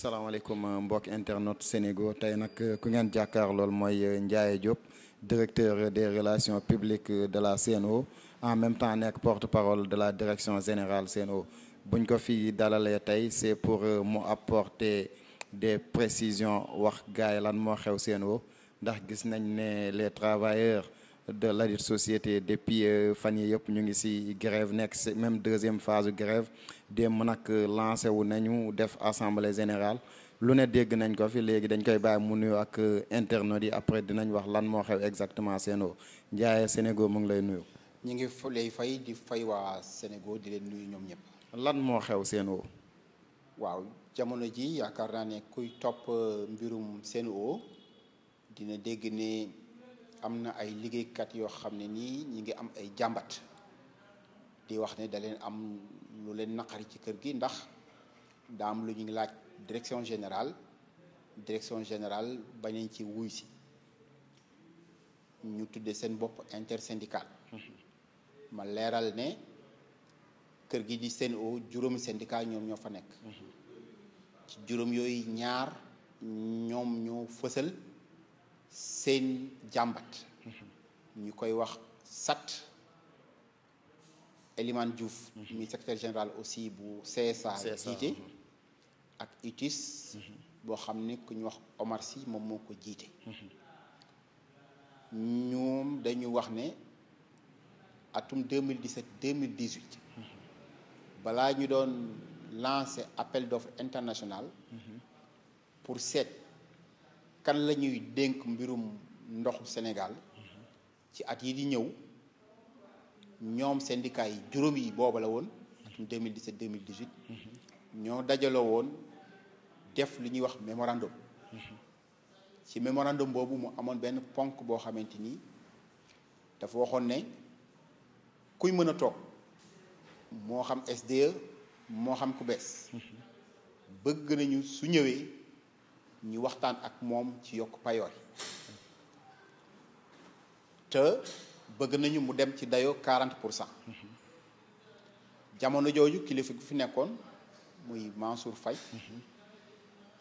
salaamaaleykum euh, mbokk internet Sénégo tey nag euh, ku ngeen jàkkaar lool mooy euh, Ndiaye Diop directeur des relations publiques de la CNO en même temps nekk porte-parole de la direction générale CNO buñ ko fi dalalee tey c'est pour mu apporter des précisions wax gaay lan moo xew CNO ndax gis nañ ne les travailleurs de ladite société depuis euh, fan yi yëpp ñu ngi si grève nekk si même deuxième phase de grève démb nag euh, lancé wu nañu def assemblée générale lu ne dégg nañ ko fi léegi dañ koy bàyyi mu nuyu ak euh, internautes yi après dinañ wax lan moo xew exactement seen o Ndiaye Sénégal mu ngi lay nuyu. ñu ngi lay fay di fay waa Sénégal di nuyu ñoom ñëpp. lan moo xew Sen'Eau. waaw jamono ji yaakaar naa ne kuy topp mbirum Sen'Eau dina dégg ne. am na ay liggéeykat yoo xam ne nii ñi ngi am ay jàmbat di wax ne da leen am lu leen naqari ci kër gi ndax daa lu ñu ngi laaj direction général direction général bañañ ci wuy si ñu tuddee seen bopp intersyndical mm-hmm. ma leeral ne kër gi di seen o juróomi syndicat ñoom ñoo fa nekk mm-hmm. ci juróom yooyu ñaar ñoom ñoo fësal seen jàmbat ñu koy wax sat Elimane Diouf mi secrétaire général aussi bu CSA jiite mhm. ak UTIS boo xam ne ku ñu wax Omar moom moo ko jiite ñoom dañu wax ne atum 2017 2018 balaa ñu doon lancer appel d'offres international mhm. pour seet kan la ñuy dénk mbirum ndoxu Sénégal ci at yi di ñëw ñoom syndicat yi juróom yi booba la woon atum 2017 2018 ñoo dajaloo woon def lu ñuy wax mémorandum ci mémorandum boobu mu amoon benn ponk boo xamante ni dafa waxoon ne kuy mën a toog moo xam SDE moo xam ku bees bëgg nañu su ñëwee ñu waxtaan ak moom ci yokk payoor te bëgg nañu mu dem ci dayoo 40 pour cent jamono jooju kilifa gu fi nekkoon muy Mansour Faye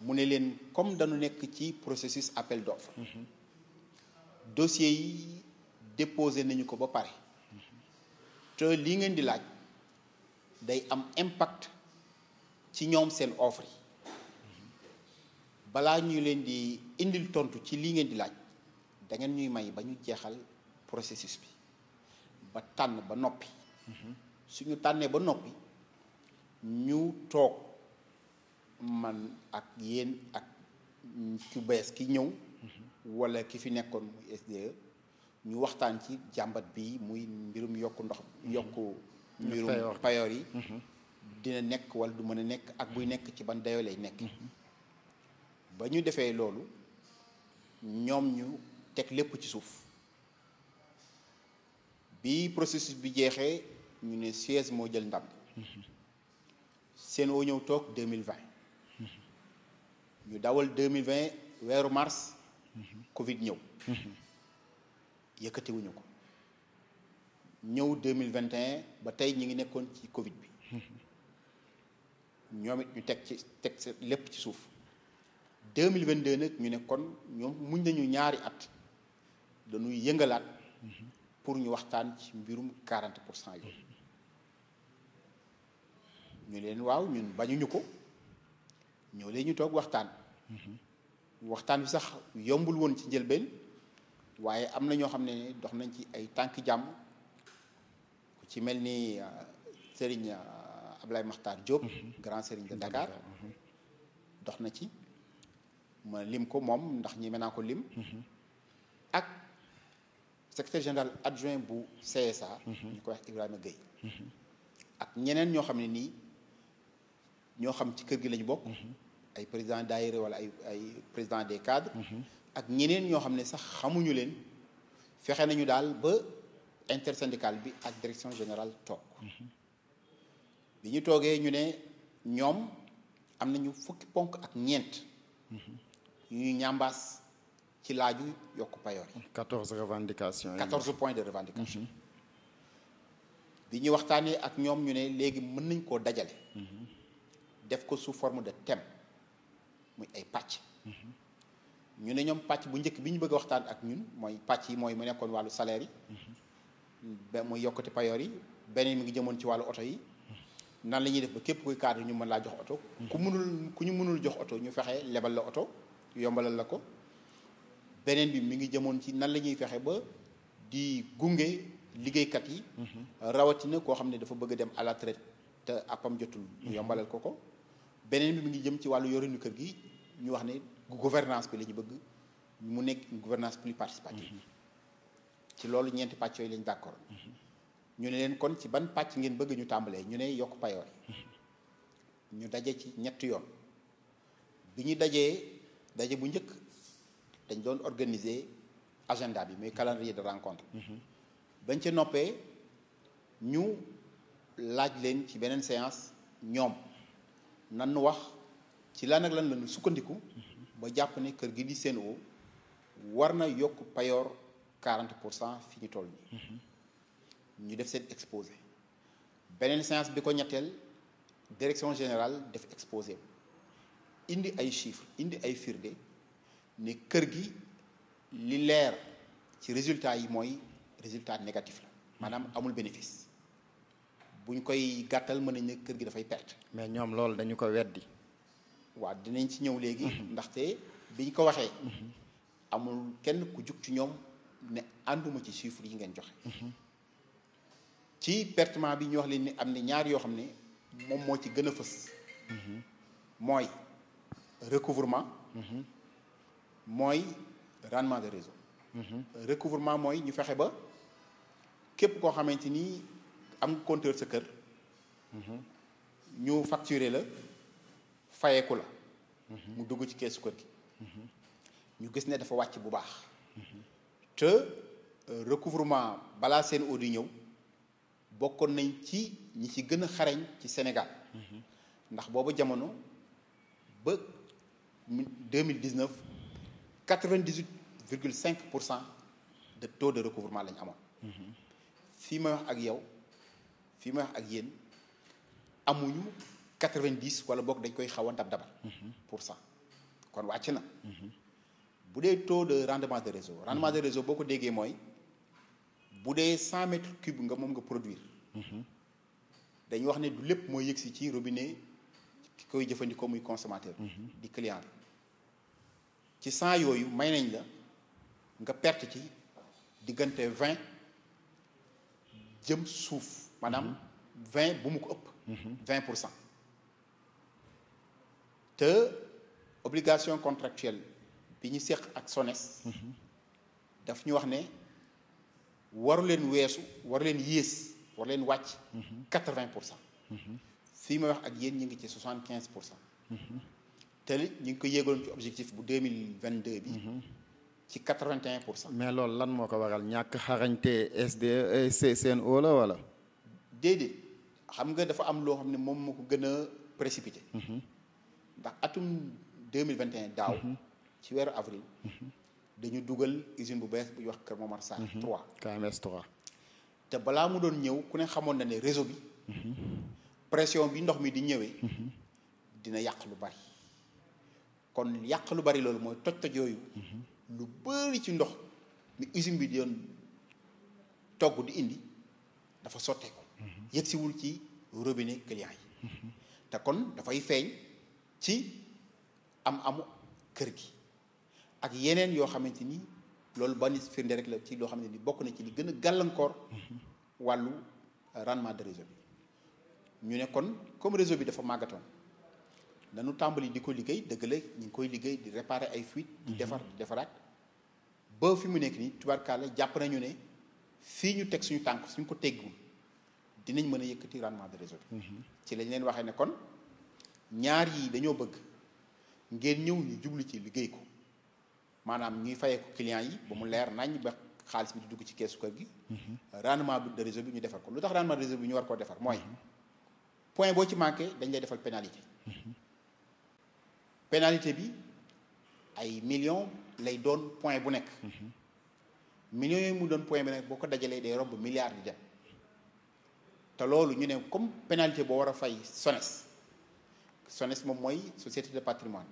mu ne leen comme dañu nekk ci processus appel d'offre dossier yi déposé nañu ko ba pare te lii ngeen di laaj day am impact ci ñoom seen offre yi balaa ñu leen di indil tontu ci lii ngeen di laaj dangeen ñuy may ba ñu jeexal processus bi ba tànn ba noppi mhm. suñu tànnee ba noppi ñu toog man ak yéen ak ku bees ki ñëw mhm. wala ki fi nekkoon muy SDE ñu waxtaan ci jàmbat bi muy mbirum yokk ndox mhm. yokk mbirum payoor yi dina nekk wala du mën a nekk ak buy nekk ci ban dayoo lay nekk ba ñu defee loolu ñoom ñu teg lépp ci suuf bi processus bi jeexee ñu ne siège moo jël ndam seen woo ñëw toog 2020 ñu dawal 2020 weeru mars covid ñëw yëkkatiwuñu ko ñëw 2021 ba tey ñu ngi nekkoon ci covid bi ñoom it ñu teg ci teg lépp ci suuf deux mille vingt deux nag ñu ne kon ñoom muñ nañu ñaari at dañuy yëngalaat pour ñu waxtaan ci mbirum quarante pour cent yooyu ñu leen waaw ñun bañuñu ko ñoo leen ñu toog waxtaan waxtaan bi sax yombul woon ci njëlbeen waaye am na ñoo xam ne dox nañ ci ay tànk jàmm ku ci mel ni euh, Serigne euh, Ablaye Makhtar Diop mhm. grand Serigne de Dakar mhm. dox na ci ma lim ko moom ndax ñi mën naa ko lim. Mhm. ak secrétaire général adjoint bu CSA. Mhm. ñu koy wax Ibrahima Gueye. Mhm. ak ñeneen ñoo xam ne nii ñoo xam ci kër gi lañu bokk. ay président daayira wala ay ay président des cadres. ak ñeneen ñoo xam ne sax xamuñu leen fexe nañu daal ba intersyndical bi ak direction général toog. bi ñu toogee ñu ne ñoom am nañu fukki ponk ak ñeent. ñuy ñambaas ci laaju yokk payoor yi. 14 revendications yi 14 points de revendication. bi mhm. ñu waxtaanee ak ñoom ñu ne léegi mën nañ koo dajale. Mhm. def ko sous forme de thème muy ay pàcc. Mhm. ñu ne ñoom pàcc bu njëkk bi ñu bëgg a waxtaan ak ñun mooy pàcc yi mooy mu nekkoon wàllu saleer yi. ba muy yokkati payoor yi beneen mi ngi jëmoon ci wàllu oto yi. nan la ñuy def ba képp kuy cadre ñu mën laa jox oto. ku mënul ku ñu mënul jox oto ñu fexe lebal la oto. yombalal la ko beneen bi mi ngi jëmoon ci nan la ñuy fexe ba di gunge liggéeykat yi mhm. rawatina koo xam ne dafa bëgg a dem à la te appam jotul ñu mhm. yombalal ko ko beneen bi mu ngi jëm ci wàllu yorinu kër gi ñu wax ne gouvernance bi la bëgg mu nekk gouvernance plus participative mhm. ci loolu ñeenti pàcc yooyu lañ d'accord ñu ne leen kon ci ban pàcc ngeen bëgg ñu tàmbalee ñu ne yokk payoor ñu daje ci ñett yoon bi ñu dajee daje bu njëkk dañ doon organiser agenda bi muy calendrier de rencontre. Mhm. bañ ca noppee ñu laaj leen ci beneen séance ñoom nan nu wax ci lan ak lan lañu sukkandiku. Mhm. ba jàpp ne kër gi di Sen'Eau war na yokk payoor quarante pour cent fi ñu toll mhm. ñu def seen exposé beneen séance bi ko ñetteel direction général def exposé. indi ay chiffres indi ay firnde ni kër gi li leer ci résultat yi mooy résultat négatif la maanaam amul bénéfice bu ñu koy gàttal mën nañ ne kër gi dafay perte. mais ñoom loolu dañu ko weddi. waaw dinañ ci ñëw léegi. Mhm. ndaxte biñ ko waxee. Mhm. amul kenn ku jug ci ñoom ne ànduma ci chiffres yi ngeen joxe. Mhm. ci pertement bi ñu wax leen ni am na ñaar yoo xam ne moom moo ci gën a fës. mooy. recouvrement mhm. mooy rendement de réseau mhm. recouvrement mooy ñu fexe ba képp koo xamante ni am compteur sa kër mhm. ñu facturer la fayeeku la mu dugg ci keesu kër gi ñu gis ne dafa wàcc bu baax te euh, recouvrement balaa seen audit ñëw bokkoon nañ ci ñi ci gën a xarañ ci Sénégal ndax booba jamono ba deux mille dix neuf quatre vingt dix huit virgule cinq pour cent de taux de recouvrement lañ amoon. fii may wax ak yow fii may wax ak yéen amuñu quatre vingt dix wala boog dañ koy xaw a dab dabal. pour cent kon wàcc na. bu dee taux de rendement de réseau rendement de réseau boo ko déggee mooy bu dee cent mètres cubes nga moom nga produire. dañu wax ne du lépp mooy yëg si ci robinet. ki koy jëfandikoo muy consommateur mhm. di client bi ci cent yooyu may nañ la nga perte ci diggante vingt jëm suuf maanaam mhm. vingt bu mu ko ëpp mhm. vingt pour cent te obligation contractuelle bi ñu seq ak SONES daf ñu wax ne waru leen weesu waru leen yées waru leen wàcc quatre-vingt pour cent fii ma wax ak yéen ñu ngi ci soixante quinze pour cent. Mhm. te ñu ngi ko yéegaloon ci objectif bu deux mille vingt deux bi. Mhm. ci quatre vingt et un pour cent. mais loolu lan moo ko waral ñàkk xarañte SDE seen la wala. déedéet xam nga dafa am loo xam ne moom moo ko gën a précipité. Mhm. ndax atum deux mille vingt et un daaw. ci weeru avril. dañu dugal usine bu bees bu wax Kër Momar Sarr. 3 KMS 3. te balaa mu doon ñëw ku ne xamoon na ne réseau bi. pression bi ndox mi di ñëwee dina yàq lu bari kon yàq lu bari loolu mooy toj-toj yooyu lu bari ci ndox mi usine bi di doon togg di indi dafa sotteeku yëgsiwul ci robine client yi te kon dafay feeñ ci am amu kër gi ak yeneen yoo xamante ni loolu ba nit firnde rek la ci loo xamante nii bokk na ci li gën a gàllankoor wàllu rendement de réseau bi ñu ne kon comme réseau bi dafa màggatoon dañu tàmbali di ko liggéey dëgg ñu ngi koy liggéey di réparer ay fuites. di mhm. defar di defaraat ba fi mu nekk nii tubarkaale jàpp nañu ne fii ñu teg suñu tànk suñu ko teggul dinañ mën a yëkkati rendement de réseau bi. Mhm. ci lañ leen waxee ne kon ñaar yii dañoo bëgg ngeen ñëw ñu jublu ci liggéey ko maanaam ñuy fayee ko client yi ba mu leer nañ ba xaalis bi dugg ci keesu kër gi. Mhm. rendement de réseau bi ñu defar ko lu tax rendement de réseau bi ñu war koo defar mooy. point boo ci manqué dañ lay defal pénalité pénalité bi ay millions lay doon point bu nekk millions yooyu mu doon point bu nekk boo ko dajalee de romb milliards di dem te loolu ñu ne comme pénalité boo war a fay SONES SONES moom mooy société de patrimoine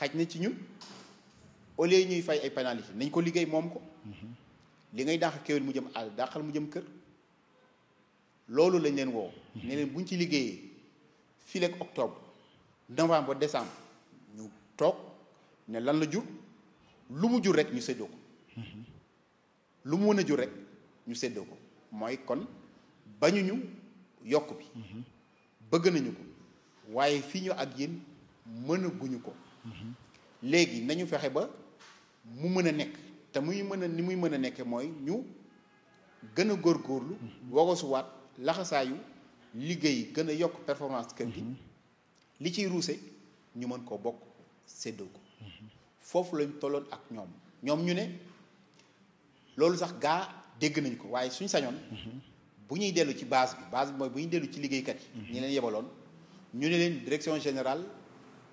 xaj na ci ñun au lieu ñuy fay ay pénalité nañ ko liggéey moom ko li ngay dàq kéwél mu jëm àll dàqal mu jëm kër loolu lañ leen woo ne leen buñ ci liggéeyee fii octobre novembre ba décembre ñu toog ne lan la jur lu mu jur rek ñu séddoo ko lu mu mën a jur rek ñu seddoo ko mooy kon bañuñu yokk bi bëgg nañu ko waaye fii ñu ak yéen mënaguñu ko léegi nañu fexe ba mu mën a nekk te muy mën a ni muy mën a nekke mooy ñu gën a góorgóorlu mhm. wagasuwaat laxasaayu liggéey gën a yokk performance kër gi mhm. li ciy ruuse ñu mën koo bokk séddoo ko mhm. foofu lañ tolloon ak ñoom ñoom ñu ne loolu sax gaa dégg nañ ko waaye suñ sañoon mhm. bu ñuy dellu ci base bi base bi mooy bu ñu dellu ci liggéeykat yi ñi leen yebaloon ñu ne leen direction général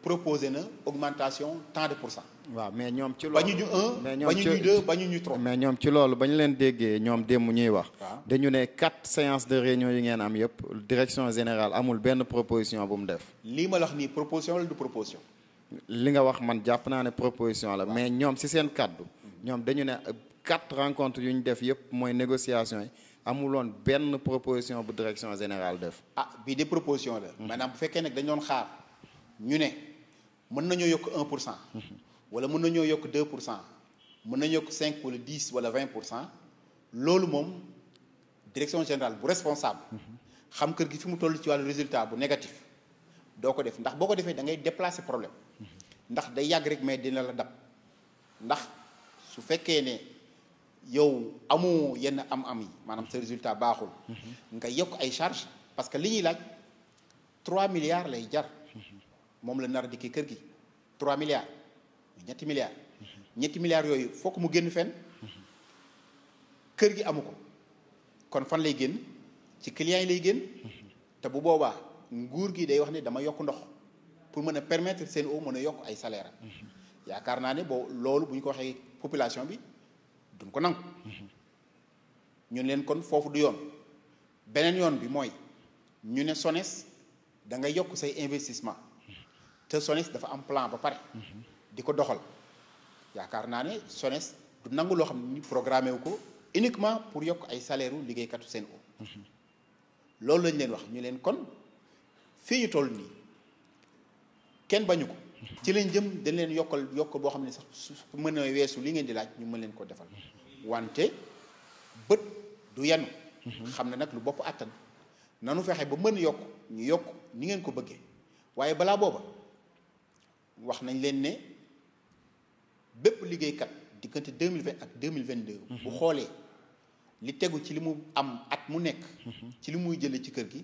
proposé na augmentation tant de pour cent waaw mais ñoom ci loolu bañuñu un bañuñu deux bañuñu trois mais ñoom ci loolu ba ñu leen déggee ñoom démb ñuy wax dañu ne quatre séances de réunion yi ngeen am yëpp direction générale amul benn proposition bu mu def lii ma lax nii proposition la li nga wax man jàpp naa ne proposition la mais ñoom si seen kàddu ñoom dañu ne euh, quatre rencontres yu ñu def yëpp mooy négociation yi amuloon benn proposition bu direction générale def ah bii de proposition la maanaam bu fekkee nag dañ doon xaar ñu ne mën nañoo yokk un pour cent wala mën nañoo yokk 2 pour cent mën nañu yokk 5 wala 10 wala 20 pour cent loolu moom direction générale bu responsable. xam kër gi fi mu toll ci wàllu résultat bu négatif. doo ko def ndax boo ko defee da ngay déplacer problème ndax day yàgg rek mais dina la dab ndax su fekkee ne yow amoo yenn am-am yi maanaam sa résultat baaxul. nga yokk ay charge parce que li ñuy laaj 3 milliards lay jar. moom la nar a dikkee kër gi trois milliards. ñetti milliards ñetti milliards yooyu fokk mu génn fen kër gi amu ko kon fan lay génn ci clients yi lay génn te bu boobaa nguur gi day wax ne dama yokk ndox pour mën a permettre seen eau mën a yokk ay salaire yaakaar naa ne boo loolu bu ñu ko waxee population bi duñ ko nangu ñu leen kon foofu du yoon beneen yoon bi mooy ñu ne SONES da ngay yokk say investissement te SONES dafa am plan ba pare di ko doxal yaakaar naa ne SONES du nangu loo xam ne ñu programmé wu ko uniquement pour yokk ay salaire u liggéeykatu seen o loolu lañ leen wax ñu leen kon fii ñu toll nii kenn bañu ko ci leen jëm dañ leen yokkal yokk boo xam ne sax su mën a weesu li ngeen di laaj ñu mën leen ko defal wante bët du yanu xam ne nag lu bopp àttan nanu fexe ba mën yokk ñu yokk ni ngeen ko bëggee waaye balaa booba wax nañ leen ne bépp liggéeykat diggante deux mille vingt ak deux mille vingt deux bu mhm. xoolee li tegu ci li mu am at mu nekk. Mhm. ci li muy jëlee ci kër gi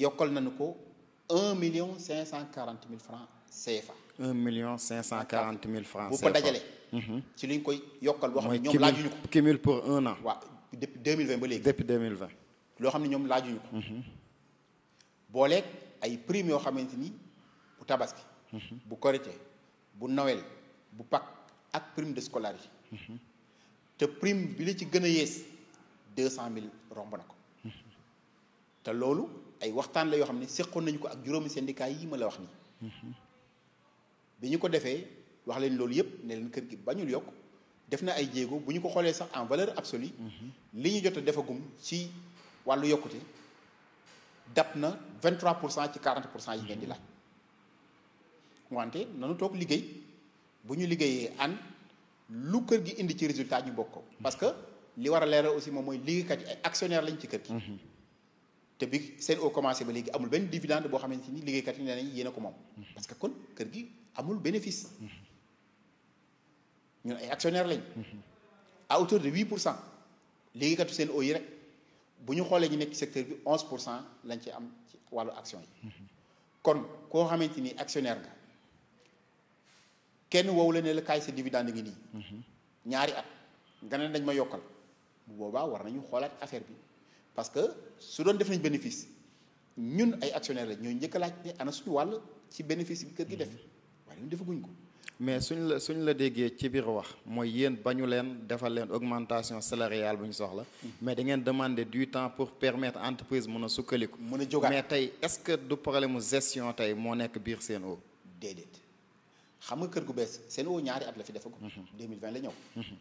yokkal nañu ko un million cinq cent quarante mille francs CFA. million cinq cent quarante mille francs CFA bu ko dajalee. Mhm. ci liñ koy yokkal loo xam ne ñoom laajuñu ko. cumul pour un an. waaw depuis deux mille vingt ba léegi. loo xam ne ñoom laajuñu ko. booleeg ay prime yoo xamante ni bu tabaski. bu korite. bu Noël bu Pâques ak prime de scolarité te prime bi li ci gën a yées deux cent mille romb na ko te loolu ay waxtaan la yoo xam ne séqoon nañu ko ak juróomi syndicat yi ma la wax nii bi ñu ko defee wax leen loolu yëpp ne leen kër gi bañul yokk def na ay jéego bu ñu ko xoolee sax en valeur absolue li ñu jot a defagum ci wàllu yokkute dab na vingt-trois pour cent ci quarante pour cent yi ngeen di laaj wante noonu toog liggéey bu ñu liggéeyee an lu kër gi indi ci résultat ñu bokk ko parce que li war a leer aussi moom mooy liggéeykat yi ay actionnaire lañ ci kër gi mhm. te bi seen au commencé léegi amul benn dividende boo xamante ni liggéeykat yi nee nañ yéen a ko moom mhm. parce que kon gi amul bénéfice mhm. ñun ay actionnaire lañ à hauteur de huit pour cent liggéeykatu seen au bu ñu xoolee ñu nekk ci secteur bi onze pour cent lañ ci am ci wàllu action yi kon koo xamante ni actionnaire nga kenn woowu la ne la kaay sa dividende ngi nii. ñaari at nga ne dañ ma yokkal bu boobaa war nañu xoolaat affaire bi parce que su doon def nañ bénéfice ñun ay actionnaire la ñooy njëkk a laaj ne ana suñu wàll ci bénéfice bi kër gi def waaye ñun defaguñ ko. mais suñ la suñ la déggee ci biir wax mooy yéen bañu leen defal leen augmentation salariale bu ñu soxla. mais da ngeen demander du temps pour permettre entreprise mun a sukkaliku. mën a jógaat mais tey est-ce que du problème mu gestion tey moo nekk biir Sen'Eau. déedéet. xam nga kër gu bees seen Sen'Eau ñaari at la fi defagum. Mhm. 2020 la ñëw. Mhm.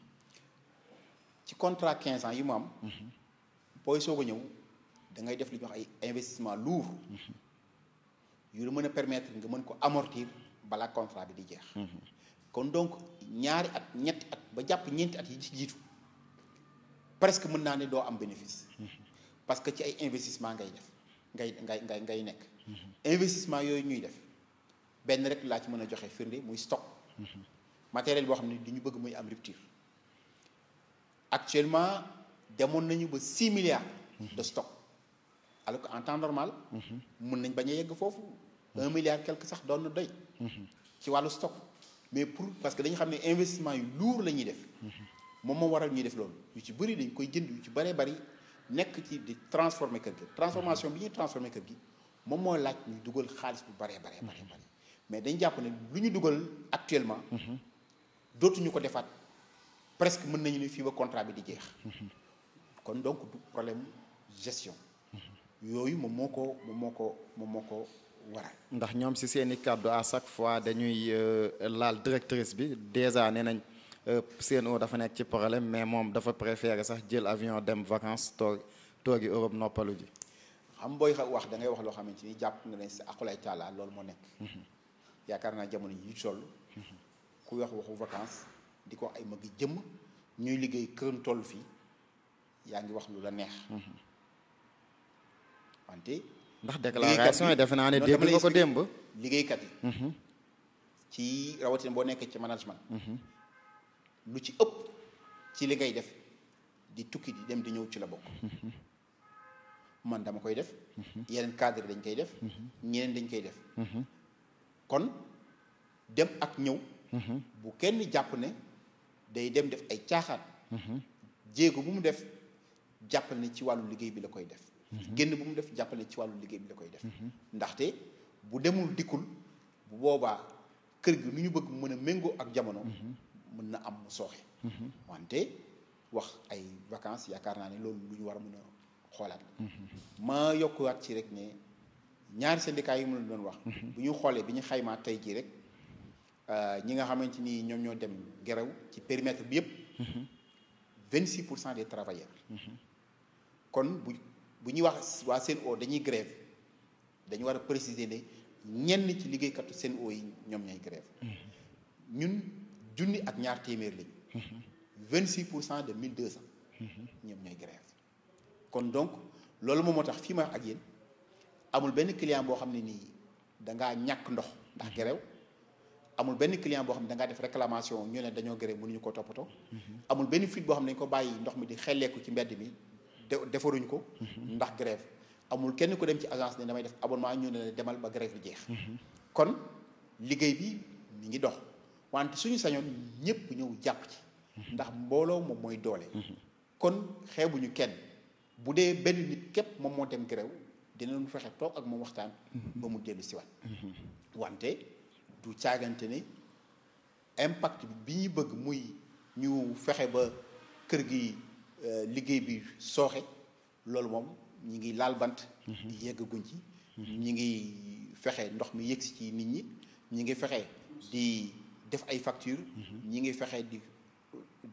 ci contrat 15 ans yi mu am. Mhm. booy soog a ñëw da ngay def lu ñuy ay investissement lourd. yu la mën a permettre nga mën ko amortir balaa contrat bi di jeex. kon donc ñaari at ñetti at ba jàpp ñeenti at yi ci jiitu presque mën naa ne doo am bénéfice. parce que ci ay investissement ngay def ngay ngay ngay ngay nekk. investissement yooyu ñuy def. benn rek laa ci mën a joxe firnde muy stock. matériel boo xam ne du ñu bëgg muy am rupture. actuellement demoon nañu ba six milliards. de stock alors que en temps normal. mun nañ bañ a yegg foofu. un milliard quelque sax doon na doy. ci wàllu stock. mais pour parce que dañu xam ne investissement yu lourd la ñuy def. moom moo waral ñuy def loolu yu ci bëri dañ koy jënd yu ci bëree bëri nekk ci di transformer kër gi transformation bi ñuy transformer kër gi moom moo laaj ñu dugal xaalis bu bëree bëree bëri. mais dañ jàpp ne lu ñu dugal actuellement. dootuñu ko defaat presque mën nañu ne fii ba contrat bi di jeex. kon donc du problème gestion. yooyu moom moo ko moom moo ko moom moo ko waral. ndax ñoom si seen i kàddu à chaque fois dañuy euh, laal directrice bi déjà nee nañ euh, CNO dafa nekk ci problème mais moom dafa préférer sax jël avion dem vacances toog toogi Europe noppalu ji. xam booy wax da ngay wax loo xamante ni jàpp nga ne si akulaay taala loolu moo nekk. Mhm. yaakaar naa jamono yi toll ku wax waxu vacances di ko ay mag jëmm ñuy liggéey këram toll fii yaa ngi wax lu la neex. wante. ndax déclaration yi defe naa ne dégg nga démb. liggéeykat yi. Mhm. ci rawatina boo nekkee ci management. Mhm. lu ci ëpp ci li ngay def di tukki di dem di ñëw ci la bokk. Mhm. man dama koy def. yeneen cadre dañ koy def. ñeneen dañ koy def. kon dem ak ñëw mhm. bu kenn jàpp ne day dem def ay caaxaan mhm. jéego bu mu def jàppal ne ci wàllu liggéey bi la koy def mhm. génn bu mu def jàppal ci wàllu liggéey bi la koy def ndaxte bu demul dikkul bu boobaa kër gi nu ñu bëgg mën a méngoo ak jamono mën na am mu sooxe wante wax ay vacance yaakaar naa ne loolu lu ñu war a mën a xoolaat ma yokkuwaat ci rek ne ñaari syndicat yi mu la doon wax. Mhm. bu ñu xoolee bi ñu xaymaa tey jii rek euh, ñi nga xamante ni ñoom ñoo dem gerew ci périmètre bi yëpp. Mhm. vingt 26 pour cent des travailleurs. Mhm. kon bu bu ñuy wax waa o dañuy grève dañu war a préciser ne ñenn ci liggéeykatu Sen'Eau yi ñoom ñooy grève ñun junni ak ñaar téeméer vingt 26 pour cent de deux 1200. ñoom ñooy grève kon donc loolu moom moo tax fii ma ak yéen. amul benn client boo xam ne nii dangaa ñàkk ndox ndax mhm. gerew amul benn client boo xam ne dangaa def réclamation ñu ne dañoo gerew mënuñu ko toppatoo mhm. amul benn fuite boo xam ne dañu ko bàyyi ndox mi di xelleeku ci mbedd mi defaruñ ko mhm. ndax grève amul kenn ku dem ci agence ne damay def abonnement ñu ne demal ba grève bi jeex kon liggéey bi mi ngi dox wante suñu sañoon ñëpp ñëw jàpp ci ndax mbooloo moom mooy doole kon xeebuñu kenn bu dee benn nit képp moom moo dem grève dinañ fexe toog ak moom waxtaan. Mhm. ba mu dellu si waat. Mhm. wante du caagante ne impact bi ñu bëgg muy ñu fexe ba kër gi euh, liggéey bi sooxe loolu moom ñi ngi laal bant. Mhm. di yeggaguñ ci. ñi ngi fexe ndox mi yëgsi ci nit ñi ñi ngi fexe di def ay facture ñi ngi fexe di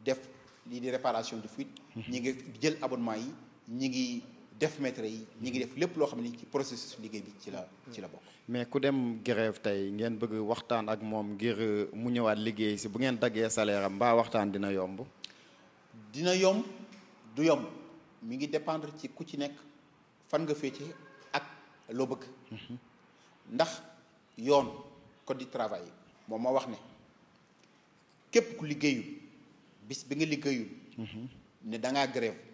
def lii di réparation de fuite. ñi ngi jël abonnement yi ñi ngi. def maître yi ñu ngi def lépp loo xam ne ci processus liggéey bi ci la ci la bokk. mais ku dem grève tey ngeen bëgg waxtaan ak moom ngir euh, mu ñëwaat liggéey si bu ngeen daggee salaire am mbaa waxtaan dina yomb. dina yomb du yomb mi ngi dépendre ci ku ci nekk fan nga féete ak loo bëgg. Mhm. ndax yoon code du travail moom moo wax ne képp ku liggéeyul bis bi nga liggéeyul. Mhm. ne da ngaa grève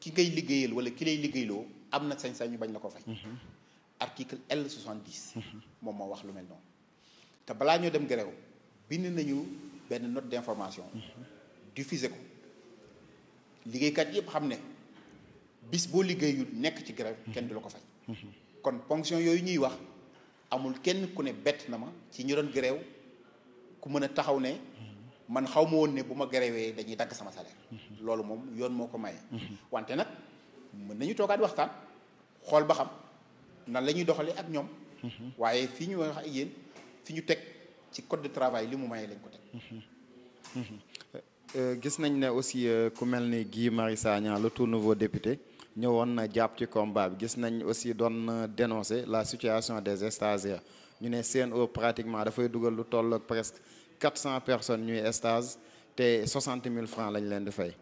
ki ngay liggéeyal wala ki lay liggéeyloo am na sañ-sañ ñu bañ la ko fay. Mhm. article L 70. Mhm. moom moo wax lu mel noonu. te balaa ñoo dem grève bind nañu benn note d'information. Mhm. diffusé ko liggéeykat yëpp xam ne bis boo liggéeyul nekk ci grève kenn du la ko fay. kon ponction yooyu ñuy wax amul kenn ku ne bett na ma ci ñu doon grève ku mën a taxaw ne. man xaw ma woon ne bu ma gréwee dañuy dagg sama salaire loolu moom yoon moo ko maye. wante nag mën nañu toogaat waxtaan xool ba xam nan la ñuy doxalee ak ñoom waaye fii ñu wax ak yéen fi ñu teg ci code de travail li mu maye lañ ko teg euh, euh, gis nañ ne aussi euh, ku mel ni gii Marius Sagna le tout nouveau député ñëwoon na jàpp ci combat bi gis nañ aussi doon dénoncer la situation des stagiaires ñu ne seen CNO pratiquement dafay dugal lu toll ak presque quatre cent personnes ñuy stage te soixante mille francs lañ leen di fay.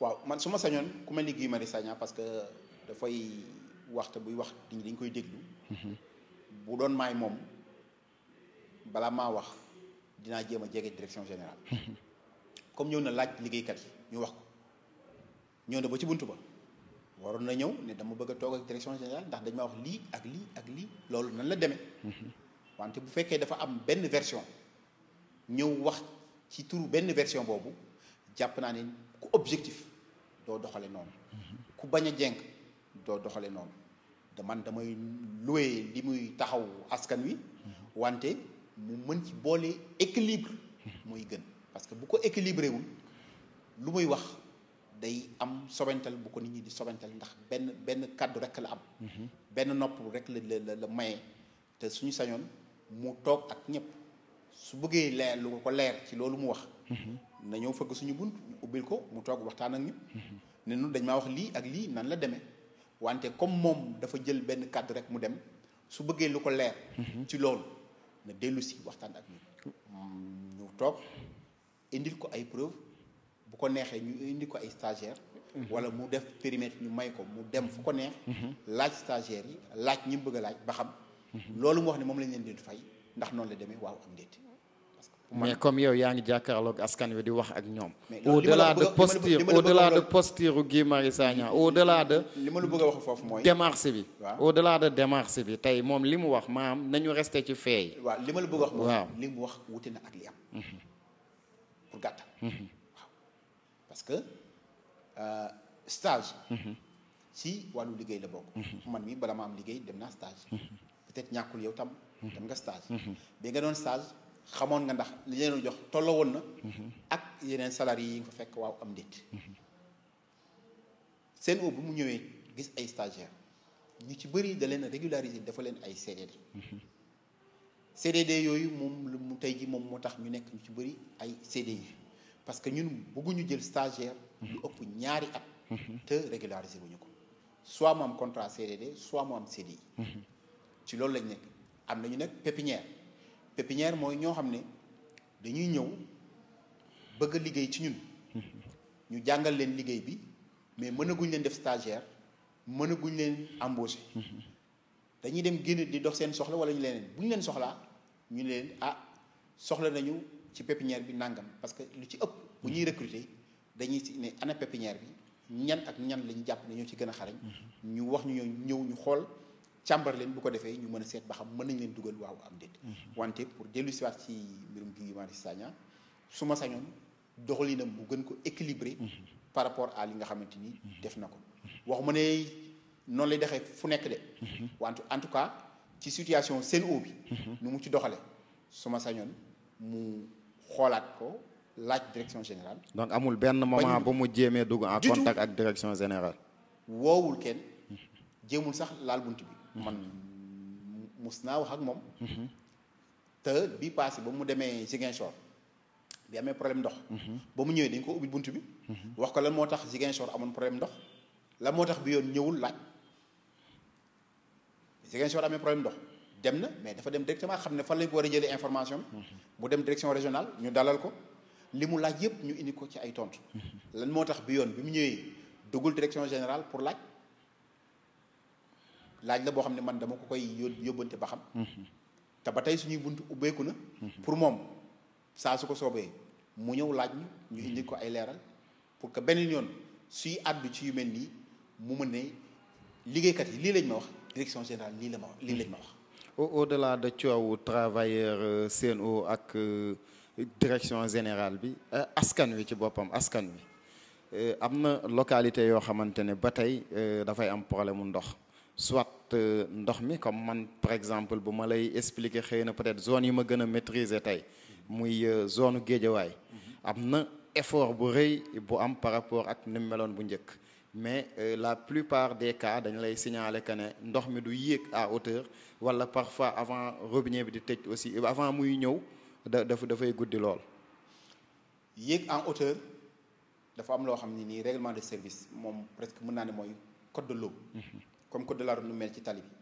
waaw man su ma sañoon ku mel ni Guy Marius Sagna parce que dafay waxte buy wax nit ñi dañ koy déglu. Mm-hmm. bu doon may moom balaa maa wax dinaa jéem a jege direction générale. Mm-hmm. comme ñëw na laaj liggéeykat yi ñu wax ko ñëw na ba ci bunt ba. waroon na ñëw ne dama bëgg a toog ak direction générale ndax dañ ma wax lii ak lii ak lii loolu nañ la demee mm-hmm. wante bu fekkee dafa am benn version ñëw wax ci turu benn version boobu jàpp naa ne ku objectif doo doxale noonu mm-hmm. ku bañ a jeng doo doxale noonu da man damay loué li muy taxaw askan wi mm-hmm. wante mu mën ci boole équilibre mm-hmm. muy gën parce que bu ko équilibré wul lu muy wax day am sobental bu ko nit ñi di sobental ndax benn benn kàddu rekk la am benn nopp rek la la la maye te suñu sañoon mu toog ak ñëpp su bëggee leer lu ko leer ci loolu mu wax mhm. na ñëw fëgg suñu bunt ñu ubbil ko mu toog waxtaan ak ñu mhm. ne nun dañ ma wax lii ak lii nan la demee wante comme moom dafa jël benn kàddu rek mu dem su bëggee lu ko leer mhm. ci loolu na dellu si waxtaan ak ñu mm, ñu toog indil ko ay preuve bu ko neexee ñu indil ko ay stagiaire wala mu def périmètre ñu may ko mu dem fu ko neex laaj stagiaire yi laaj ñi mu bëgg laaj ba xam loolu mu wax ne moom lañ leen di fay ndax noonu la demee waaw am déet. mais comme yow yaa ngi jàkkaarloog askan wi di wax ak ñoom. au delà de posture au delà de posture Guy la bëgg wax foofu mooy. démarche bi au delà de démarche bi tey moom li mu wax maam nañu resté ci feey waaw li ma la bëgg wax mooy. waaw li mu wax wuti na ak li am. Mhm. pour gàttal. Mhm. parce que euh, stage. Mhm. si wàllu liggéey la bokk. man mi bala ma am liggéey dem naa stage. peut-être ñàkkul yow tam. dem nga stage mhm. bi nga doon stage xamoon nga ndax li leen jox tolloo woon na mhm. ak yeneen salarié yi nga fa fekk waaw am déet mhm. seen bu mu ñëwee gis ay stagiaire ñu ci bëri da leen régulariser dafa leen ay CDD CDD yooyu moom lu mu tey ji moom moo tax ñu nekk ñu ci bëri ay CDI parce que ñun bëgguñu jël stagiaire lu ëpp ñaari at te régulariser wuñu ko soit mu am contrat CDD soit mu am CDI ci loolu lañ nekk am nañu nag pépinière pépinière mooy ñoo xam ne dañuy ñëw bëgg liggéey ci ñun ñu jàngal leen liggéey bi mais mënaguñ leen def stagiaire mënaguñ leen embaucher dañuy dem génn di dox seen soxla wala ñu leen bu ñu leen soxlaa ñu leen ah soxla nañu ci pépinière bi nangam parce que lu ci ëpp bu ñuy recruter dañuy si ne ana pépinière bi ñan ak ñan lañu jàpp ne ci gën a xarañ mm-hmm. ñu wax ñu ñëw ñu xool càmbar bu ko defee ñu mën a seet ba xam mën nañ leen dugal waaw am déet. Mhm. wante pour dellu si waat ci mbirum Guy Marius Sagna su ma sañoon doxalinam mu gën ko équilibré. Mhm. par rapport à li nga xamante ni mhm. def na ko. waxu ma ne noonu lay doxee fu nekk de. wantu en tout cas ci situation Sen'Eau bi. nu mu ci doxalee su ma sañoon mu xoolaat ko. laaj direction générale. donc amul benn moment bu mu jéemee dugg en contact ak direction général woowul kenn jéemul sax laal bunt man mus naa wax ak moom. Mhm. te bi paase ba mu demee Ziguinchor bi amee problème ndox. Mhm. ba mu ñëwee dañ ko ubbi bunt bi. Mhm. wax ko lan moo tax Ziguinchor amoon problème ndox lan moo tax bi yoon ñëwul laaj Ziguinchor amee problème ndox. dem na mais dafa dem directement xam ne fan lañ ko war a jëlee information mu dem direction régionale ñu dalal ko li mu laaj yëpp ñu indi ko ci ay tontu. lan moo tax bi yoon bi mu ñëwee duggul direction général pour laaj. laaj la boo xam ne man dama ko koy yóbbante ba xam te ba tey suñuy bunt ubbeeku na pour moom saa su ko soobee mu ñëw laaj ñu ñu indi ko ay leeral pour que beneen yoon suy àddu ci yu mel nii mu mën ne liggéeykat yi lii lañ ma wax direction générale lii la lii lañ ma wax au delà de coowu travailleur euh, CNO ak euh, direction générale bi euh, askan wi ci boppam askan wi am na localité yoo xamante ne ba tey dafay am problème mu ndox soit euh, ndox mi comme man par exemple bu ma lay expliquer xëy na peut-être zone yi ma gën a maîtriser tey muy euh, zone géejawaay mm-hmm. am na effort bu rëy bu am par rapport ak ni meloon bu njëkk mais euh, la plupart des cas dañu lay signaler que ne ndox mi du yéeg à hauteur wala parfois avant robinet bi di tëj aussi avant muy ñëw da dafa dafay guddi lool. yéeg en hauteur dafa am loo xam ni nii règlement de service moom presque mën naa ne mooy code de l'eau mm-hmm. comme code de la route nu mel ci tali bi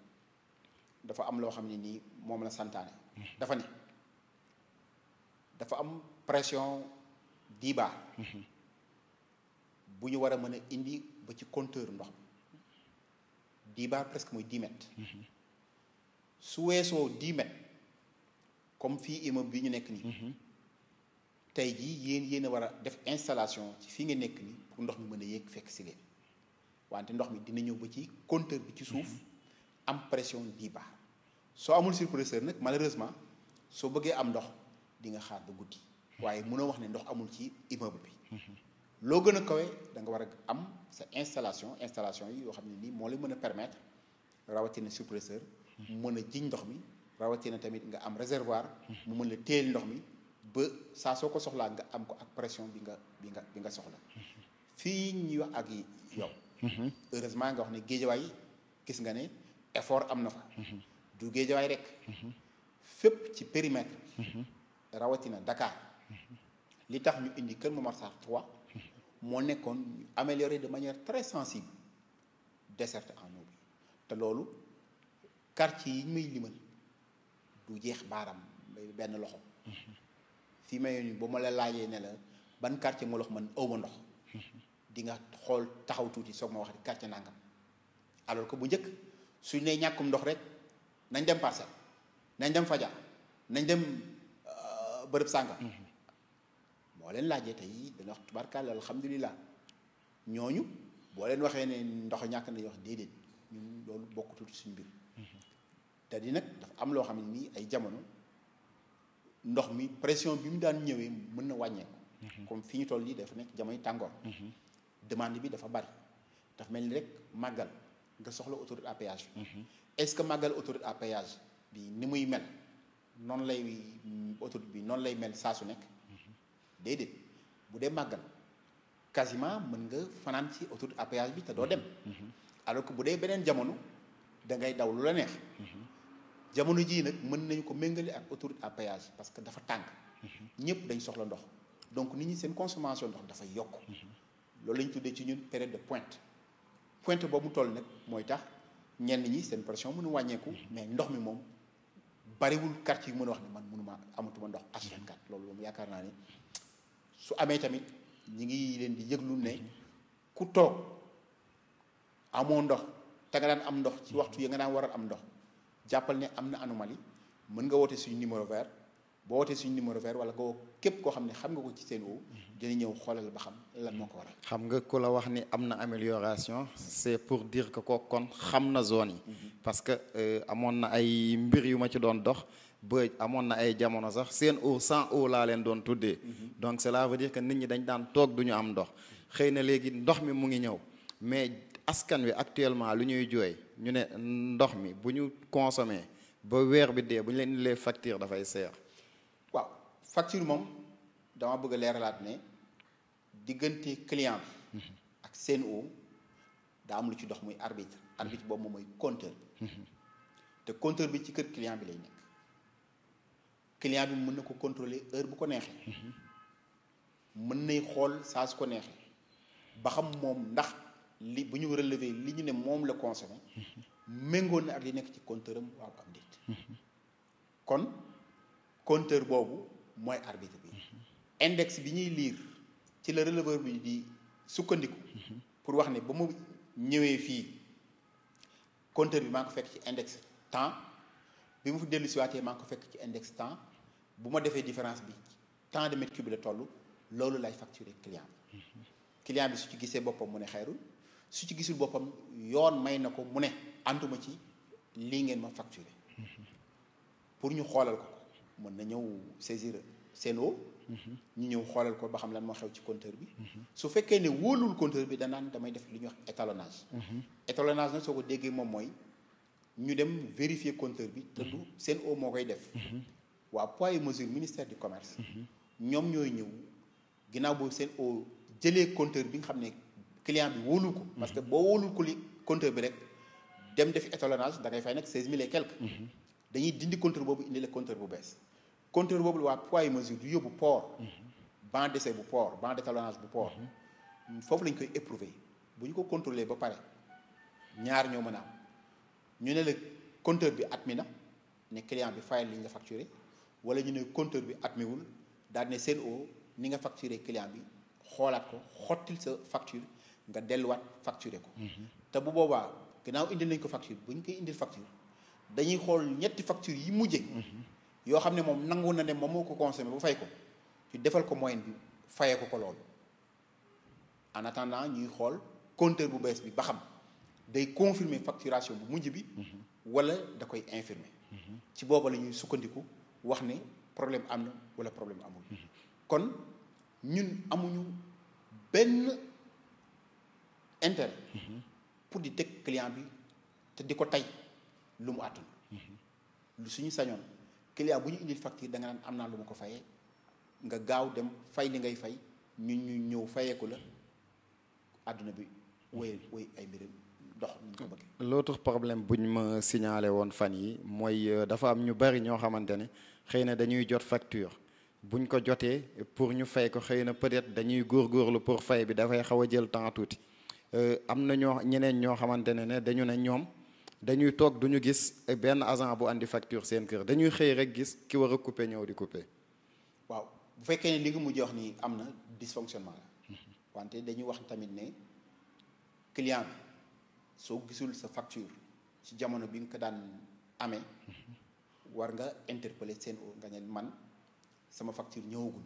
dafa am loo xam ne nii moom la santaane mhm. dafa ne dafa am pression dix bar mhm. bu ñu war a mën a indi ba ci conteur ndox mi dix bar presque mooy dix mhm. su weesoo dix comme fii immeuble bi ñu nekk nii tey jii yéen yen a war a def installation ci fii nga nekk nii pour ndox mi mën a yéeg fekk si wante ndox mi dina ñëw ba ci compteur bi ci suuf am pression 10 soo amul surpresseur nag malheureusement soo bëggee am ndox di nga xaar ba guddi waaye mënoo wax ne ndox amul ci immeuble bi loo gën a kawe da nga war a am sa installation installation yi yoo xam ne nii moo lay mën a permettre rawatina surpresseur mën a jiñ ndox mi rawatina tamit nga am réservoir mu mën a téel ndox mi ba saa soo ko soxlaa nga am ko ak pression bi nga bi nga bi nga soxla fii ñuy wax ak yow Mm-hmm. heureusement nga wax ne géejawaay gis nga ne effort am na fa. Mm-hmm. du géejawaay rek. Mm-hmm. fépp ci périmètre. rawatina Dakar. li tax ñu indi Kër Momar Sarr 3. moo nekkoon ñu améliorer de manière très sensible desserte en eau bi te loolu quartier yi ñu may limal du jeex baaram benn loxo. fii may ba ma la laajee nela ban quartier nga lox man aw ndox. di nga xool taxaw tuuti soog ma wax quartier nangam alors ko bu njëkk suñ ne ñàkkum ndox rek nañ dem parcelle nañ dem faja nañ dem euh, bërëb sàngam moo mhm. leen laajee tey dana wax tubaarkàlla alhamdulilah ñooñu boo leen waxee ne ndox ñàkk nañu wax déedéet ñun loolu bokk tuuti suñu mbir mhm. te di nag dafa am loo xam ne nii ay jamono ndox mi pression bi mu daan ñëwee mën na wàññeeku. Mhm. comme fi ñu toll nii dafa nekk jamono tàngoor demande bi dafa bari daf mel ni rek màggal nga soxla autoroute à bi mhm. est-ce que màggal autoroute à péage ni muy mel noonu lay autoroute bi noonu lay mel saa su nekk mhm. déedéet bu dee màggal quasiment mën nga fanaan ci autoroute à bi te doo mhm. dem alors que bu dee beneen jamono da ngay daw lu la neex jamono jii nag mën nañu ko méngale ak autoroute à parce que dafa tàng ñëpp dañ soxla ndox donc nit ñi seen consommation ndox dafa yokk loolu lañ tuddee ci ñun période de pointe pointe boobu mu toll nag mooy tax ñenn ñi seen pression mënu wàññeeku mais ndox mi moom bariwul quartier yi mën a wax ne man mënuma amatuma ndox H24 loolu moom yaakaar naa ne su amee tamit ñi ngi leen di yëglu ne ku toog amoo ndox te nga daan am ndox ci waxtu yi nga daan waral am ndox jàppal ne am na anomalie mën nga woote suñu numéro vert boo wootee suñu numéro vert wala ko képp koo xam ne xam nga ko ci seen woowu mhm. dina ñëw xoolal ba xam lan moo ko waral. xam nga ko la wax ni am na amélioration c'est pour diir ko kooku kon xam na zone yi. Mhm. parce que euh, amoon na ay mbir yu ma ci doon dox ba amoon na ay jamono sax seen eau sans eau laa leen doon tuddee. Mhm. donc cela veut dire que nit ñi dañ daan toog duñu am ndox. xëy na léegi ndox mi mu ngi ñëw mais askan wi actuellement lu ñuy jooy ñu ne ndox mi bu ñu consommé ba weer bi dee bu ñu leen indilee facture dafay seer. facture moom dama bëgg a leeralaat ne diggante client bi ak Sen'Eau daa amul ci dox muy arbitre arbitre boobu moom mooy compteur bi te compteur bi ci kër client bi lay nekk client bi mën na ko contrôler heure bu ko neexee mën nay xool saa su ko neexee ba xam moom ndax li bu ñu relever li ñu ne moom la consommé méngoon na ak li nekk ci compteur am waaw am déet kon compteur boobu mooy arbitre bi index bi ñuy liir ci la releveur bi di sukkandiku pour wax ne ba mu ñëwee fii compteur bi maa ko fekk ci index temps bi mu fi dellu siwaatee maa ko fekk ci index temps bu ma defee différence bi temps de mètre bi la toll loolu lay facturer client bi client bi su ci gisee boppam mu ne xeerul su ci gisul boppam yoon may na ko mu ne antuma ci lii ngeen ma facturer pour ñu xoolal ko mën na ñëw saisir Sen'Eau mhm. ñu ñëw xoolal ko ba xam lan moo xew ci compteur bi mhm. su fekkee ne wóolul compteur bi danaan damay def lu ñuy wax étalonnage mhm. étalonnage nag soo ko déggee moom mooy ñu dem vérifier compteur bi te du Sen'Eau moo koy def waa poids et mesure ministère du commerce ñoom ñooy ñëw ginnaaw boobu o jëlee compteur bi nga xam ne client bi wóolu ko parce que boo wóolul ko li compteur bi rek dem def étalonnage da ngay fay nag seize mille et quelque dañuy dindi compteur boobu indi la compteur bu bees compteur boobu la waa poids et mesure du yóbbu port mhm. banc d'essai bu port banc d'étalonnage bu port mhm. foofu lañ koy éprouver bu ñu ko contrôler ba pare ñaar ñoo mën a ñu ne la compteur bi at mi na ne client bi fayal li nga facturé wala ñu ne compteur bi at miwul daal ne seen o ni nga facturé client bi xoolaat ko xottil sa facture nga delluwaat facturé ko mhm. te bu boobaa gannaaw indil nañ ko facture bu ñu koy indil facture dañuy xool ñetti facture yi mujje yoo xam ne moom nangu na ne moom moo ko consommé bu fay ko ñu defal ko moyenne bi fayee ko ko loolu en attendant ñuy xool compteur bu bees bi ba xam day confirmer facturation bu mujj bi wala da koy infirmer ci booba lañuy sukkandiku wax ne problème am na wala problème amul kon ñun amuñu benn intérêt pour di teg client bi te di ko tey lu mu àttan lu suñu sañoon client bu ñu indil facture da nga am naa lu ma ko fayee nga gaaw dem fay li ngay fay ñu ñu ñëw fayeeku la àdduna bi woy woy ay mbiram dox ñu ko bëgg problème bu ñu ma signalé woon fan yi mooy euh, dafa am ñu bari ñoo xamante ne xëy na dañuy jot facture buñ ko jotee pour ñu fay ko xëy na peut-être dañuy góorgóorlu pour fay bi dafay xaw a jël temps tuuti euh, am na ñoo ñeneen ñoo xamante ne ne dañu ne ñoom dañuy toog duñu gis benn agent bu andi facture seen kër dañuy xëy rek gis ki war a couper ñëw di couper. waaw bu fekkee ne li nga mujj wax nii am na dysfonctionnement la wante dañuy wax tamit ne client bi soo gisul sa facture ci jamono bi nga ko daan amee war nga interpeller seen o nga ne man sama facture ñëwagul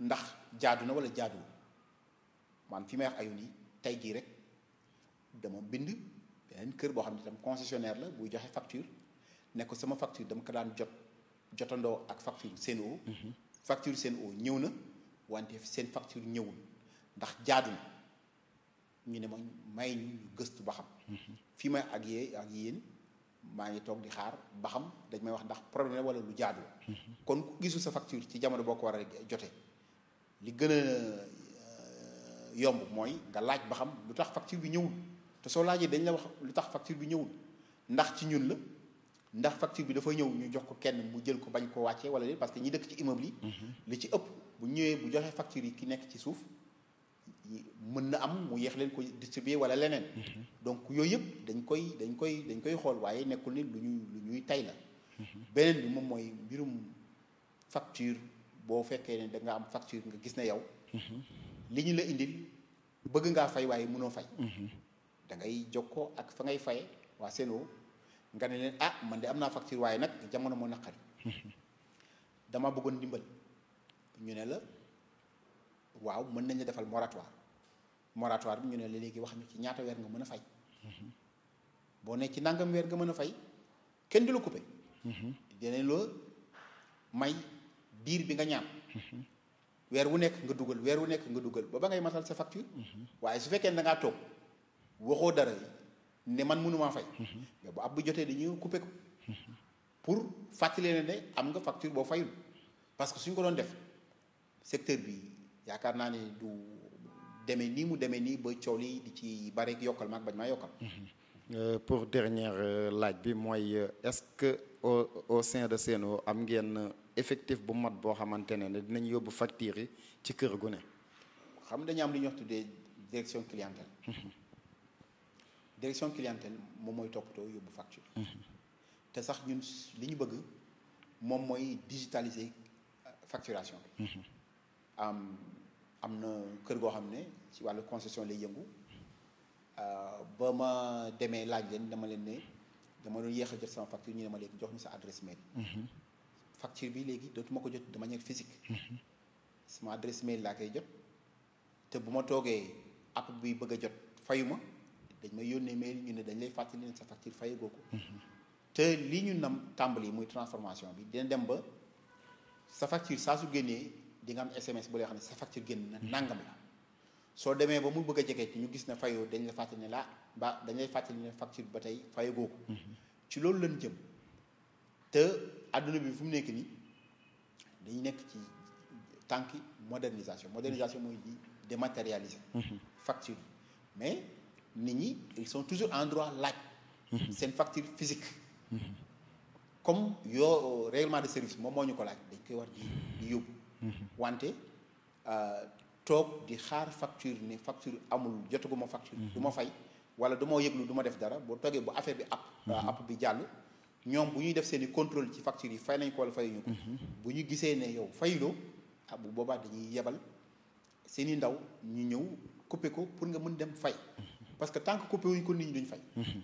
ndax jaadu na wala jaaduwul man fi may wax ayu tey jii rek dama bind yeneen kër boo xam ne tam concessionnaire la buy joxe facture ne sama facture dama ko daan jot jotandoo ak facture Sen'Eau mhm. facture o ñëw na wante seen facture ñëwul ndax jaadu na ñu ne ma may ñu gëstu ba xam mhm. fii may ak yee ak yéen maa ngi toog di xaar ba xam dañ may wax ndax problème la wala lu jaadu la mhm. kon ku gisul sa facture ci jamono boo ko war a jote li gën a euh, yomb mooy nga laaj ba xam lu tax facture bi ñëwul te soo laajee dañ la wax lu tax facture bi ñëwul ndax ci ñun la ndax facture bi dafa ñëw ñu jox ko kenn mu jël ko bañ ko wàccee wala léegi parce que ñi dëkk ci immeuble yi. Mhm. li ci ëpp bu ñëwee bu joxee facture yi ki nekk ci suuf mën na am mu yéex leen ko distribuer wala leneen. Mhm. donc yooyu yëpp dañ koy dañ koy dañ koy xool waaye nekkul ni lu ñuy lu ñuy tay la. Mhm. beneen bi moom mooy mbirum facture boo fekkee ne da nga am facture nga gis ne yow. li ñu la indil bëgg ngaa fay waaye mënoo fay. da ngay jokkoo ak fa ngay faye waa Sen'Eau nga ne leen ah man de am naa facture waaye nag jamono moo naqari dama bëggoon ndimbal ñu ne la waaw mën nañu defal moratoire moratoire bi ñu ne la léegi wax ñu ci ñaata weer nga mën a fay boo ne ci nangam weer nga mën a fay kenn du la coupé dinañ la may biir bi nga ñaan weer wu nekk nga dugal weer wu nekk nga dugal ba ba ngay matal sa facture waaye su fekkee da ngaa toog waxoo dara ne man mënumaa fay. mais bu ab bi jotee dañuy couper ko. pour fàttali ne ne am nga facture boo fayul parce que suñ ko doon def secteur bi yaakaar naa ne du demee nii mu demee nii ba coow li di ci bare yokkal maag bañ maa yokkal. Euh, pour dernière euh, laaj bi mooy euh, est-ce que au au sein de Sen'Eau am ngeen effectif bu mat boo xamante ne dinañ yóbbu factures yi ci kër gu ne. xam dañu am li ñuy wax tuddee direction clientèle. direction clientèle moom mooy toppatoo yóbbu facture. Mm-hmm. te sax ñun li ñu bëgg moom mooy digitaliser facturation bi. Mm-hmm. am am na kër goo xam ne ci wàllu concession lay yëngu euh, ba ma demee laaj leen dama leen ne dama doon yéex a jot sama facture ñu ne ma jox ñu sa adresse mail. Mm-hmm. facture bi léegi dootuma ko jot de manière physique. sama adresse mail laa koy jot te bu ma toogee app bi bëgg a jot fayuma. dañ may yónnee mail ñu ne dañ lay fàttali ne sa facture fay googu mhm. te li ñu nam tàmbali muy transformation bi dina dem ba sa facture saa su génnee di nga am SMS bu lay xam ne sa facture génn na mhm. nangam la soo demee ba mu bëgg a jege ñu gis ne fayoo dañ la fàttali ne la ba dañ lay fàttali ne facture ba tey fayoo googu mhm. ci loolu lañ jëm te adduna bi fu mu nekk nii dañ nekk ci tànki modernisation modernisation mooy di dématérialiser facture mais nit ñi ils sont toujours en droit laaj. seen facture physique. comme yoo règlement de service moom moo ñu ko laaj dañ koy war di di yóbbu. wante euh, toog di xaar facture ni facture amul jotaguma facture. du ma fay wala du ma yëglu duma def dara boo toogee bu affaire bi app. Euh, bi jàll. ñoom bu ñuy def seen i contrôle ci facture yi fay nañ ko la fayuñu ko. bu ñu gisee ne yow fayloo ah bu boobaa dañuy yebal seen i ndaw ñu ñëw couper ko pour nga mën dem fay. parce que tant que coupé wuñ ko nit ñi duñ fay. Mm-hmm.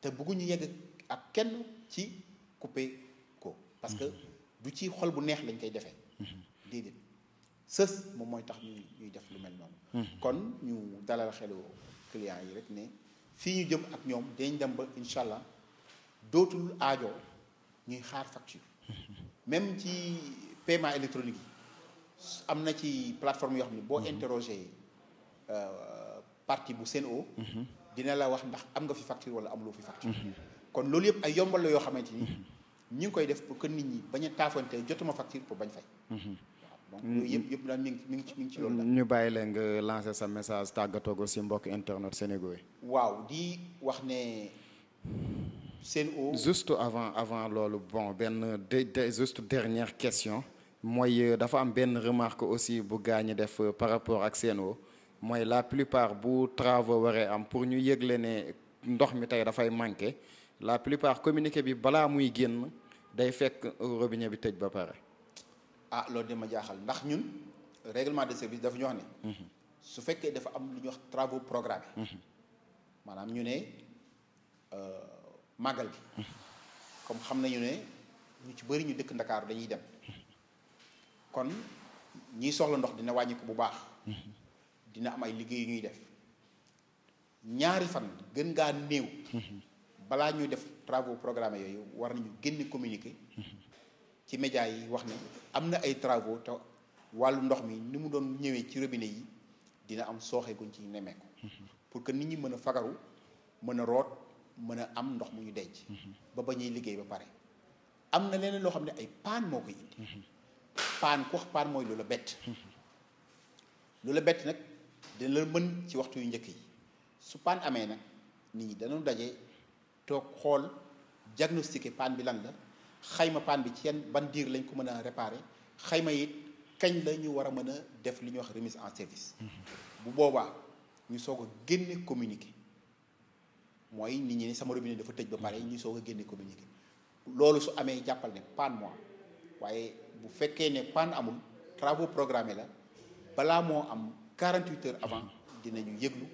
te bëgguñu yegg ak kenn ci coupé ko. parce que mm-hmm. du ci xol bu neex lañ koy defee. Mm-hmm. déedéet sës moom mooy tax ñuy ñuy def lu mel noonu. kon ñu dalal xelu clients yi rek ne fii ñu jëm ak ñoom dañ dem ba incha allah dootul aajo ñuy xaar facture. même ci paiement électronique yi am na ci plateforme yoo xam ne boo interroger. Euh, parti bu Sen'Eau mhm. dina la wax ndax am nga fi facture wala amuloo fi facture mhm. kon loolu yëpp ay yombal la yoo xamante ni ñi ngi koy def pour que nit ñi bañ a taafante jotuma facture pour bañ fay mhm. donc yooyu yëpp yëpp daal mi ngi mi ngi mi ngi ñu bàyyi leen nga lancer sa message tàggatoo ko si mbokk internet Sénégal yi waaw di wax ne seen o juste avant avant loolu bon benn de juste dernière question mooy euh, dafa am benn remarque aussi bu gaañi def euh, par rapport ak seen Sen'Eau mooy la plupart bu travaux waree am pour ñu yëgle ne ndox mi tey dafay manqué la plupart communiqué bi balaa muy génn day fekk robinet bi tëj ba pare. ah loolu de ma jaaxal ndax ñun règlement de service dafa ñu wax ne. Mhm. su fekkee dafa am lu ñuy wax travaux programmés. Mhm. maanaam ñu ne euh, màggal bi. Mhm. comme xam nañu ne ñu ci bëri ñu dëkk Ndakaaru dañuy dem kon ñiy soxla ndox dina wàññiku bu baax. dina am ay liggéey yu ñuy def ñaari fan gën ngaa néew balaa ñuy def travaux programme yooyu war nañu génn communiqué ci médias yi wax ne am na ay travaux te wàllu ndox mi ni mu doon ñëwee ci robine yi dina am sooxe guñ ci nemmeeku pour que nit ñi mën a fagaru mën a root mën a am ndox mu ñu denc ba ba ñuy liggéey ba pare am na leneen loo xam ne ay paan moo ko indi paan ku wax paan mooy lu la bett lu la bett nag dina la mën ci waxtu yu njëkk yi su paan amee nag nit ñi dañu daje toog xool diagnostiqué paan bi lan la xayma paan bi ci yan ban diir lañ ko mën a réparer xayma it kañ la ñu war a mën a def li ñuy wax remise en service. Mm-hmm. bu boobaa ñu soog a génne communiqué mooy nit ñi ne sama robinet dafa tëj ba pare mm-hmm. ñu soog a génne communiqué loolu su amee jàppal ne paan moo waaye bu fekkee ne paan amul travaux programmés la balaa moo am. 48 heures avant dina ñu yëglu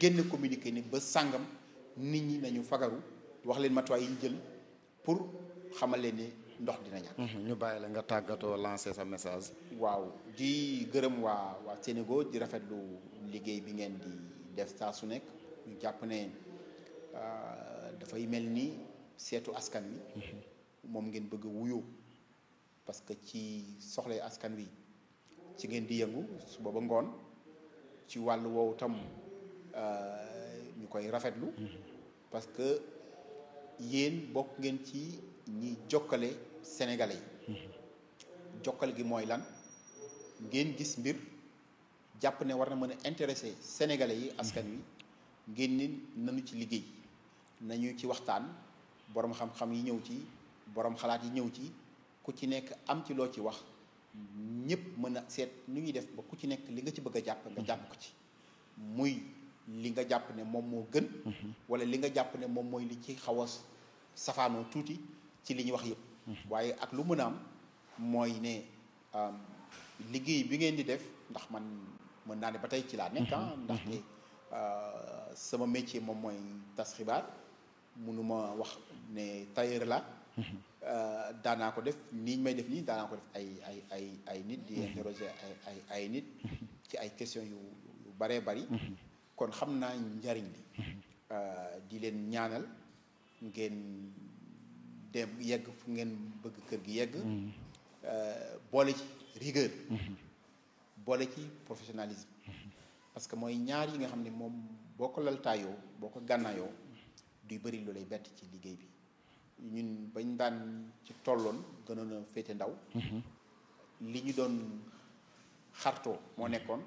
génn communiqué ni ba sàngam nit ñi nañu fagaru wax leen matuwaay yi ñu jël pour xamal leen ne ndox dina ñàkk. Mhm, ñu bàyyi la nga tàggatoo lancé sa message. waaw di gërëm waa waa Sénégal di rafetlu liggéey bi ngeen di def saa su nekk ñu jàpp ne euh, dafay mel ni seetu askan wi. Mhm. moom ngeen bëgg a wuyoo parce que ci soxla askan wi ci ngeen di yëngu su booba ngoon. ci wàllu woowu tam euh, ñu koy rafetlu mm-hmm. parce que yéen bokk ngeen ci ñi jokkale sénégalais yi mm-hmm. jokkale gi mooy lan ngeen gis mbir jàpp ne war na mën a intéresser sénégalais yi askan wi mm-hmm. ngeen ni nanu ci liggéey nañu ci waxtaan boroom xam-xam yi ñëw ci boroom xalaat yi ñëw ci ku ci nekk am ci loo ci wax ñëpp mën a seet nu ñuy def ba ku ci nekk li nga ci bëgg a jàpp nga jàpp ko ci muy li nga jàpp ne moom moo gën wala li nga jàpp ne moom mooy li ci xaw a safaanoo tuuti ci li ñuy wax yëpp waaye ak lu mën a am mooy ne euh, liggéey bi ngeen di def ndax man mën naa ne ba tey ci laa nekk ah, mhm. ndaxte euh, sama métier moom mooy tas xibaar mënuma wax ne tailleur la mhm. Euh, daanaa ko def nii may def nii daanaa ko def ay ay ay ay nit di mhm. interroger ay ay nit mhm. ci ay question yu yu baree bari mhm. kon xam naa njariñ li euh, di leen ñaanal ngeen dem yegg fu ngeen bëgg kër gi yegg euh, boole ci rigueur boole ci professionnalisme parce que mooy ñaar yi nga xam ne moom boo ko laltaayoo boo ko gànnaayoo duy bëri lu lay bett ci liggéey bi ñun bañ daan ci tolloon gënoon a féete ndaw li ñu doon xartoo moo nekkoon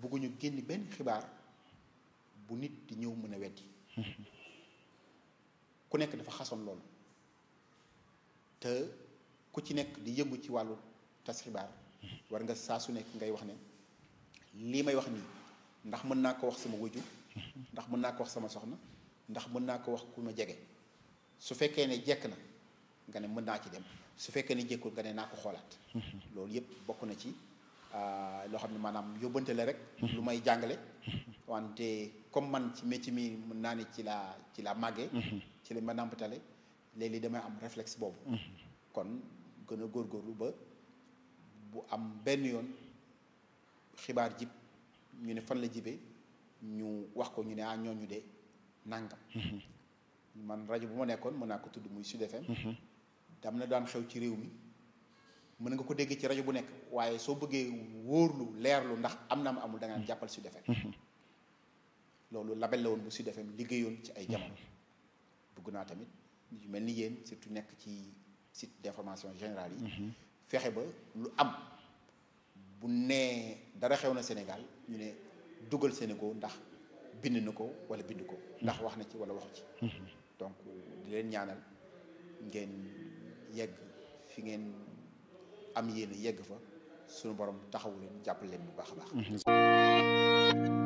bëgguñu génn benn xibaar bu nit di ñëw mën a weddi ku nekk dafa xasoon loolu te ku ci nekk di yëgu ci wàllu tas xibaar war nga saa su nekk ngay wax ne lii may wax nii ndax mën naa ko wax sama wëju ndax mën naa ko wax sama soxna ndax mën naa ko wax ku ma jege su fekkee ne jekk na nga ne mën naa ci dem su fekkee ne jekkul nga ne naa ko xoolaat mhm. loolu yëpp bokk na ci ah, loo xam ne maanaam yóbbante la rek mhm. lu may jàngale mhm. wante comme man ci métier mi mën naa ne ci laa ci laa màggee ci la ma nàmpatale léeg-léeg damay am réflexe boobu kon gën a góorgóorlu ba bu am benn yoon xibaar jib ñu ne fan la jibee ñu wax ko ñu ne ah ñooñu de nàngam man rajo bu ma nekkoon mën naa ko tudd muy Sud FM. Mhm. dam na daan xew ci réew mi mën nga ko dégg ci rajo bu nekk waaye soo bëggee wóorlu leerlu ndax am na am amul da ngaa jàppal Sud FM. Mhm. loolu label la woon bu Sud FM liggéeyoon ci ay jamono. Mhm. bëgg naa tamit ñu mel ni yéen surtout nekk ci site d'information général yi. fexe ba lu am bu nee dara xew na Sénégal ñu ne dugal Sénégal ndax bind na ko wala bind ko. ndax wax na ci wala waxu ci. donc di leen ñaanal ngeen yegg fi ngeen am yéen yegg fa sunu borom taxawu leen jàppale leen bu baax baax. Mm-hmm.